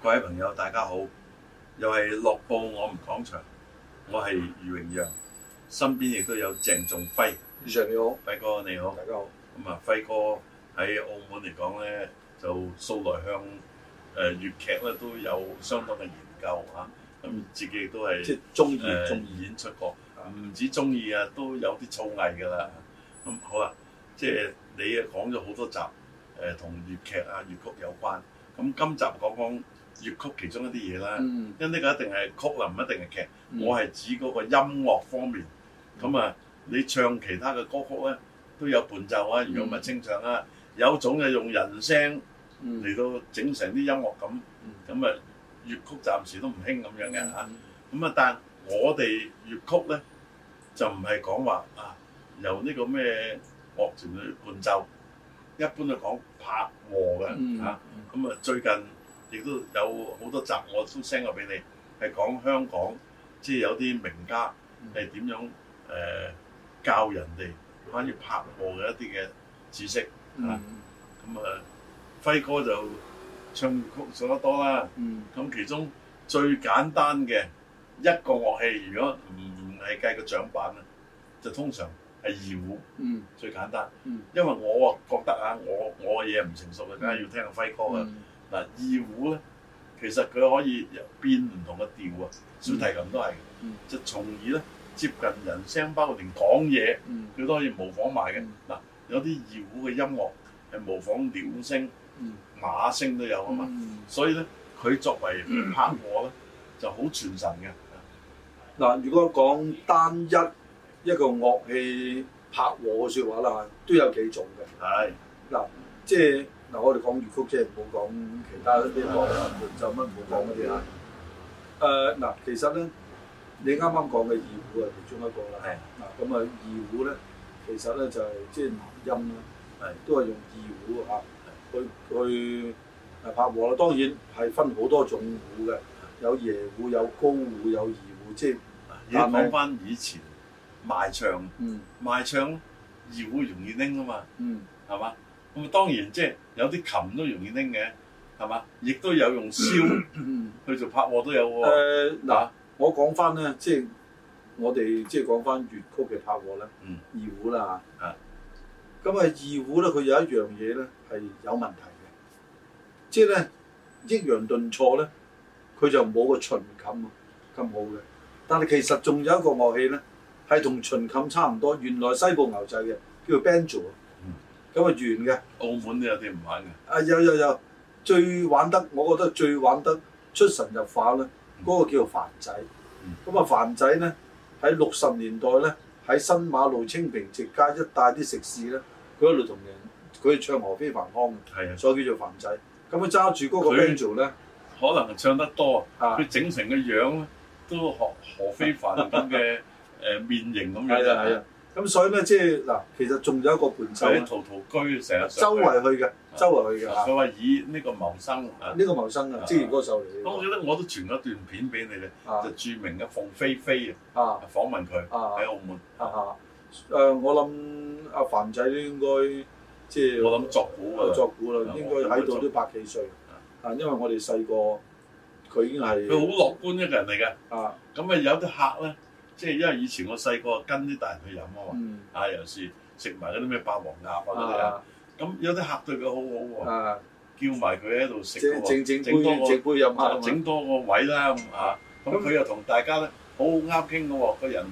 各位朋友，大家好！又係樂報我哋講場，嗯、我係余榮陽，身邊亦都有鄭仲輝。余你好，輝哥你好，大家好。咁啊，輝哥喺澳門嚟講咧，就素來向誒粵劇咧都有相當嘅研究吓，咁、嗯、自己亦都係即係中意中意演出過，唔、嗯、止中意啊，都有啲造詣噶啦。咁、嗯、好啦，即係你講咗好多集誒，同、呃、粵劇啊、粵曲有關。咁今集講講粵曲其中一啲嘢啦。嗯。因為呢個一定係曲啦，唔一定係劇。嗯、我係指嗰個音樂方面。咁、嗯嗯、啊，你唱其他嘅歌曲咧，都有伴奏啊，如果唔係清唱啦、啊。嗯、有一種係用人聲嚟到整成啲音樂咁、嗯嗯。嗯。咁啊，粵曲暫時都唔興咁樣嘅、嗯嗯。嗯。咁啊，但我哋粵曲咧，就唔係講話啊。由呢個咩樂團去伴奏，一般嚟講拍和嘅吓咁啊。最近亦都有好多集，我都 send 過俾你係講香港，即、就、係、是、有啲名家係點樣誒、呃、教人哋關於拍和嘅一啲嘅知識啊。咁、嗯、啊，輝哥就唱曲唱得多啦。咁、嗯啊、其中最簡單嘅一個樂器，如果唔係計個掌板咧，就通常，係二胡最簡單，嗯嗯、因為我啊覺得啊，我我嘢唔成熟嘅，梗係要聽阿輝哥嘅嗱二胡咧，其實佢可以變唔同嘅調啊，小提琴都係，就、嗯、從而咧接近人聲包括連，連講嘢佢都可以模仿埋嘅嗱，有啲二胡嘅音樂係模仿鳥聲、嗯、馬聲都有啊嘛，嗯、所以咧佢作為拍和咧、嗯、就好傳神嘅嗱，如果講單一。一個樂器拍和嘅説話啦嚇，都有幾種嘅。係嗱的、啊，即係嗱、啊，我哋講粵曲即係唔好講其他啲樂的就乜，冇講嗰啲嚇。誒嗱的、啊，其實咧，你啱啱講嘅二胡係其中一個啦。係嗱的，咁啊二胡咧，其實咧就係、是、即係南音啦，都係用二胡嚇、啊、的去去拍和啦。當然係分好多種胡嘅，有椰胡、有高胡、有二胡，即係而家講返以前。賣唱，賣唱二胡容易拎啊嘛，係嘛、嗯？咁啊當然即係、就是、有啲琴都容易拎嘅，係嘛？亦都有用燒、嗯、去做拍和都有喎、啊。嗱、呃，嗎我講翻咧，即、就、係、是、我哋即係講翻粵曲嘅拍和咧，二胡啦嚇。咁啊二胡咧，佢有一樣嘢咧係有問題嘅，即係咧抑揚頓挫咧，佢就冇個循感咁好嘅。但係其實仲有一個樂器咧。係同秦琴差唔多，原來西部牛仔嘅叫做 banjo 咁啊圓嘅。嗯、澳門有啲唔玩嘅。啊有有有，最玩得，我覺得最玩得出神入化咧，嗰、嗯、個叫做凡仔。咁啊凡仔咧喺六十年代咧喺新馬路清平直街一帶啲食肆咧，佢一路同人佢唱何非凡腔嘅，的所以叫做凡仔。咁啊揸住嗰個 banjo 咧，可能唱得多，佢整的成嘅樣咧都學何，何非凡咁嘅。誒，面型咁樣，係啊係啊，咁所以咧，即係嗱，其實仲有一個伴侶，陶陶居成日周圍去嘅，周圍去嘅，佢話以呢個謀生，呢個謀生啊，之前嗰個嚟嘅。我記得我都傳咗段片俾你咧，就著名嘅鳳飛飛啊，訪問佢喺澳門。啊我諗阿凡仔應該即係我諗作古啊，作古啦，應該喺度都百幾歲。啊，因為我哋細個佢已經係佢好樂觀一個人嚟嘅。啊，咁啊有啲客咧。即係因為以前我細個跟啲大人去飲啊嘛，啊尤其是食埋嗰啲咩霸王鴨啊嗰啲啊，咁有啲客對佢好好喎，叫埋佢喺度食嘅喎，整多個整多個位啦，咁佢又同大家咧好好啱傾嘅喎，個人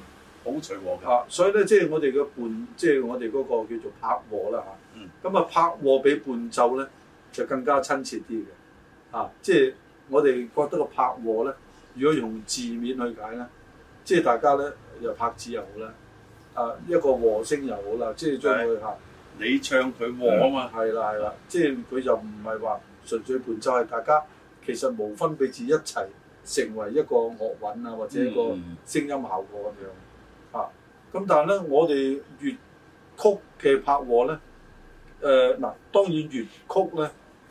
好隨和嘅。啊，所以咧即係我哋嘅伴，即係我哋嗰個叫做拍和啦嚇。嗯。咁啊拍和比伴奏咧就更加親切啲嘅，嚇，即係我哋覺得個拍和咧，如果用字面去解咧。即係大家咧，又拍子又好啦，啊一個和聲又好啦，即係將佢嚇你唱佢和啊嘛，係啦係啦，即係佢就唔係話純粹伴奏，係大家其實無分彼此一齊成為一個樂韻啊，或者一個聲音效果咁樣嚇。咁、嗯啊、但係咧，我哋粵曲嘅拍和咧，誒、呃、嗱，當然粵曲咧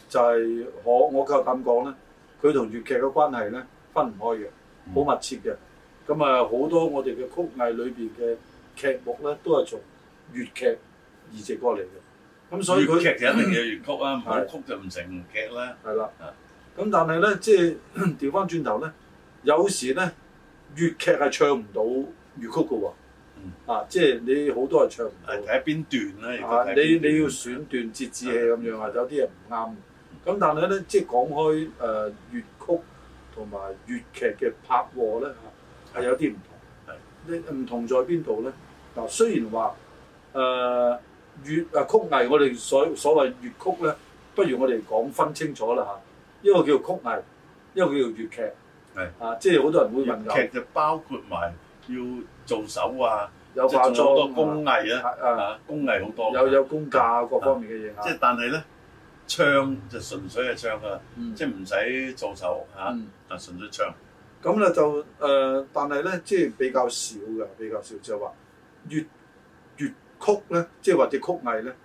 就係、是、可我夠膽講咧，佢同粵劇嘅關係咧分唔開嘅，好密切嘅。嗯。咁啊，好多我哋嘅曲藝裏邊嘅劇目咧，都係從粵劇移植過嚟嘅。咁所以佢粵劇就一定要粵曲啊，冇、嗯、曲就唔成劇啦。係啦，咁但係咧，即係調翻轉頭咧，有時咧粵劇係唱唔到粵曲嘅喎。嗯、啊，即係你好多係唱唔到。睇下邊段咧、啊？段啊，你你要選段節節戲咁樣啊的的，有啲嘢唔啱。咁、嗯、但係咧，即係講開誒粵、呃、曲同埋粵劇嘅拍和咧。係有啲唔同，係唔同在邊度咧？嗱，雖然話誒粵誒曲藝，我哋所所謂粵曲咧，不如我哋講分清楚啦嚇。一個叫曲藝，一個叫粵劇，係啊，即係好多人會問。粵劇就包括埋要做手啊，即做好多工藝啊，啊工藝好多。有有工架，各方面嘅嘢，即係但係咧，唱就純粹係唱啊，即係唔使做手嚇，啊純粹唱。咁咧就誒、呃，但係咧，即係比較少嘅，比較少就，就係話粵粵曲咧，即係或者曲藝咧，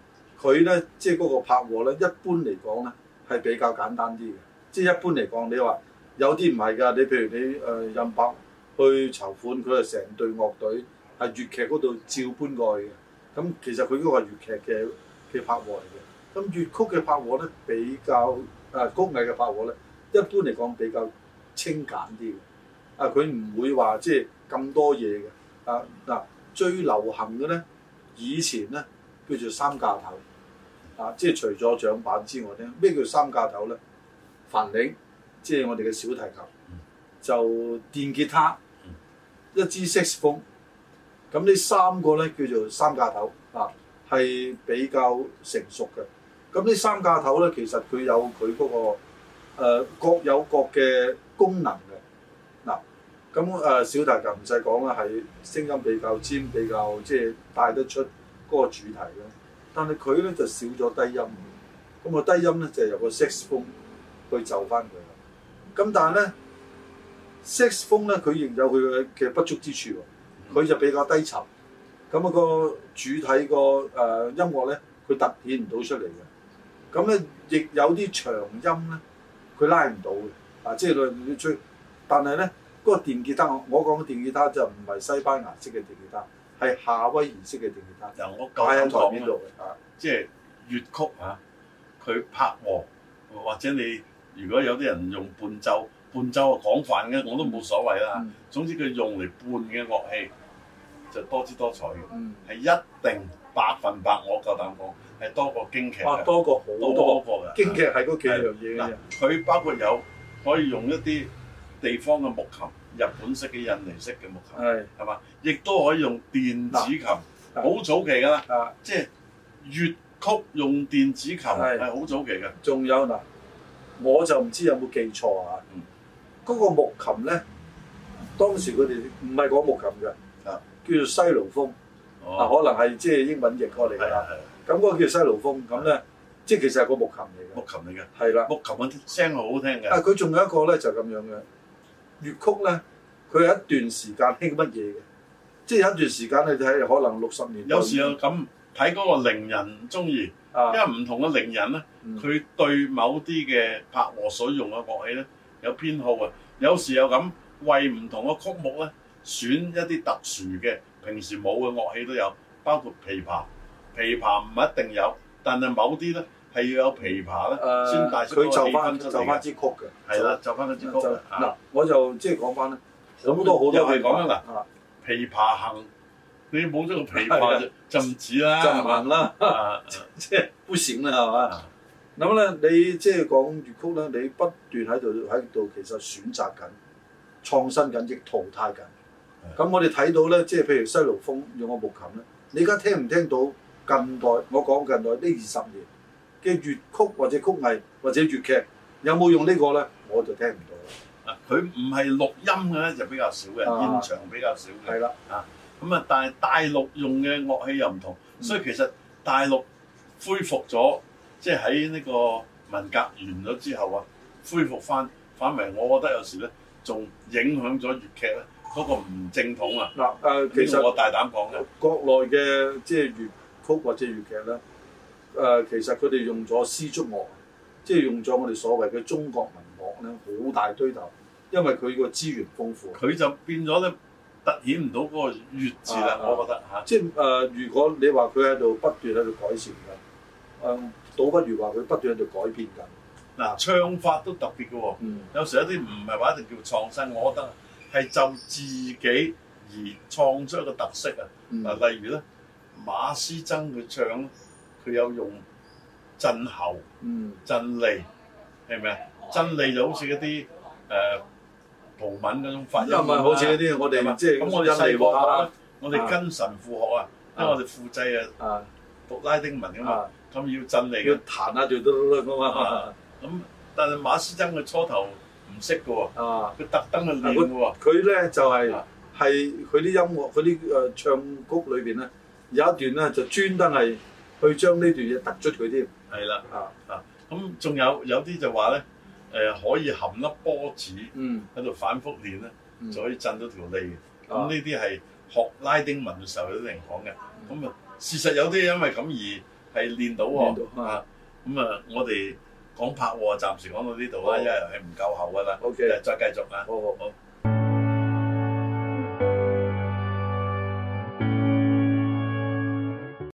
佢咧即係嗰個拍和咧，一般嚟講咧係比較簡單啲嘅。即係一般嚟講，你話有啲唔係㗎，你譬如你誒任伯去籌款，佢係成隊樂隊係粵劇嗰度照搬過去嘅。咁、嗯、其實佢應該係粵劇嘅嘅拍和嚟嘅。咁、嗯、粵曲嘅拍和咧比較誒曲、呃、藝嘅拍和咧，一般嚟講比較清簡啲嘅。啊佢唔會話即係咁多嘢嘅，啊嗱，最流行嘅咧，以前咧叫做三架頭，啊即係除咗掌板之外咧，咩叫三架頭咧？梵鈴即係我哋嘅小提琴，就電結他，一支色士風，咁呢三個咧叫做三架頭，啊係比較成熟嘅。咁呢三架頭咧，其實佢有佢嗰、嗰個、呃、各有各嘅。功能嘅嗱，咁誒、呃、小提琴就唔使講啦，係聲音比較尖，比較即係帶得出嗰個主題咯。但係佢咧就少咗低音，咁、那、啊、個、低音咧就是、由個 Sax 風去就翻佢。咁但係咧 Sax 風咧佢仍有佢嘅不足之處喎，佢就比較低沉，咁、那、啊個主題個誒、呃、音樂咧佢突顯唔到出嚟嘅，咁咧亦有啲長音咧佢拉唔到嘅。啊，即係類類最，但係咧，嗰、那個電吉他，我講嘅電吉他就唔係西班牙式嘅電吉他，係夏威夷式嘅電吉他。嗱，我夠膽講，啊，即係粵曲啊，佢拍和或者你如果有啲人用伴奏，伴奏廣泛嘅我都冇所謂啦。嗯、總之佢用嚟伴嘅樂器就多姿多彩嘅，係、嗯、一定百分百我夠膽講係多過京劇、啊。多過好多個嘅，京劇係嗰幾樣嘢，佢、啊、包括有。嗯啊可以用一啲地方嘅木琴，日本式嘅印尼式嘅木琴，係係嘛？亦都可以用電子琴，好的早期㗎啦啊！即係粵曲用電子琴係好早期嘅。仲有嗱，我就唔知有冇記錯啊？嗰、嗯、個木琴咧，當時佢哋唔係講木琴㗎，啊的，叫做西盧風，啊、哦，可能係即係英文譯過嚟啦。咁嗰個叫西盧風，咁咧的。那即係其實係個木琴嚟嘅，木琴嚟嘅，係啦的，木琴啲聲好好聽嘅。啊，佢仲有一個咧就咁、是、樣嘅，粵曲咧，佢有一段時間聽乜嘢嘅，即係有一段時間你睇可能六十年，有時候咁睇嗰個伶人中意，因為唔同嘅伶人咧，佢對某啲嘅拍和水用嘅樂器咧有偏好啊，有時候咁為唔同嘅曲目咧選一啲特殊嘅，平時冇嘅樂器都有，包括琵琶，琵琶唔一定有。但係某啲咧係要有琵琶咧，先帶。佢就翻就翻支曲嘅，係啦，就翻一支曲嗱，我就即係講翻啦。咁多好多嘢講啦。嗱，琵琶行，你冇咗個琵琶就唔止啦，就唔行啦。即係不行啦，係嘛？咁咧，你即係講粵曲咧，你不斷喺度喺度，其實選擇緊、創新緊，亦淘汰緊。咁我哋睇到咧，即係譬如西盧峯用個木琴咧，你而家聽唔聽到？近代我講近代呢二十年嘅粵曲或者曲藝或者粵劇有冇用這個呢個咧？我就聽唔到啦。啊，佢唔係錄音嘅咧就比較少嘅，啊、現場比較少嘅。係啦的。啊，咁啊，但係大陸用嘅樂器又唔同，嗯、所以其實大陸恢復咗，即係喺呢個文革完咗之後啊，恢復返，反為我覺得有時咧仲影響咗粵劇咧嗰個唔正統啊。嗱、呃，誒其實我大膽講咧，啊、國內嘅即係粵。曲或者粵劇咧，誒、呃、其實佢哋用咗絲竹樂，即係用咗我哋所謂嘅中國民樂咧，好大堆頭。因為佢個資源豐富，佢就變咗咧突顯唔到嗰個粵字啦。我覺得嚇，即係誒，如果你話佢喺度不斷喺度改善緊，誒倒不如話佢不斷喺度改變緊。嗱，唱法都特別嘅喎，有時一啲唔係話一定叫創新，我覺得係就自己而創出一個特色、嗯、啊。嗱，例如咧。馬師曾佢唱，佢有用震喉，嗯、震脷，係咪啊？震脷就好似一啲誒葡文嗰種發音，好似啲我哋即係咁，我有嚟個我哋跟神父學啊，因為我哋輔祭啊，讀拉丁文啊嘛，咁要震脷要彈下就都啦嘛。咁但係馬師曾佢初頭唔識嘅喎，佢特登去練嘅喎。佢咧就係係佢啲音樂嗰啲誒唱曲裏邊咧。有一段咧就專登係去將呢段嘢得出佢添，係啦，啊啊，咁仲有有啲就話咧，誒可以含粒波子，嗯，喺度反覆練咧就可以震到條脷，咁呢啲係學拉丁文嘅時候有啲人講嘅，咁啊事實有啲因為咁而係練到喎，啊，咁啊我哋講拍和暫時講到呢度啦，因為係唔夠喉噶啦，OK，再繼續啊，好，好，好。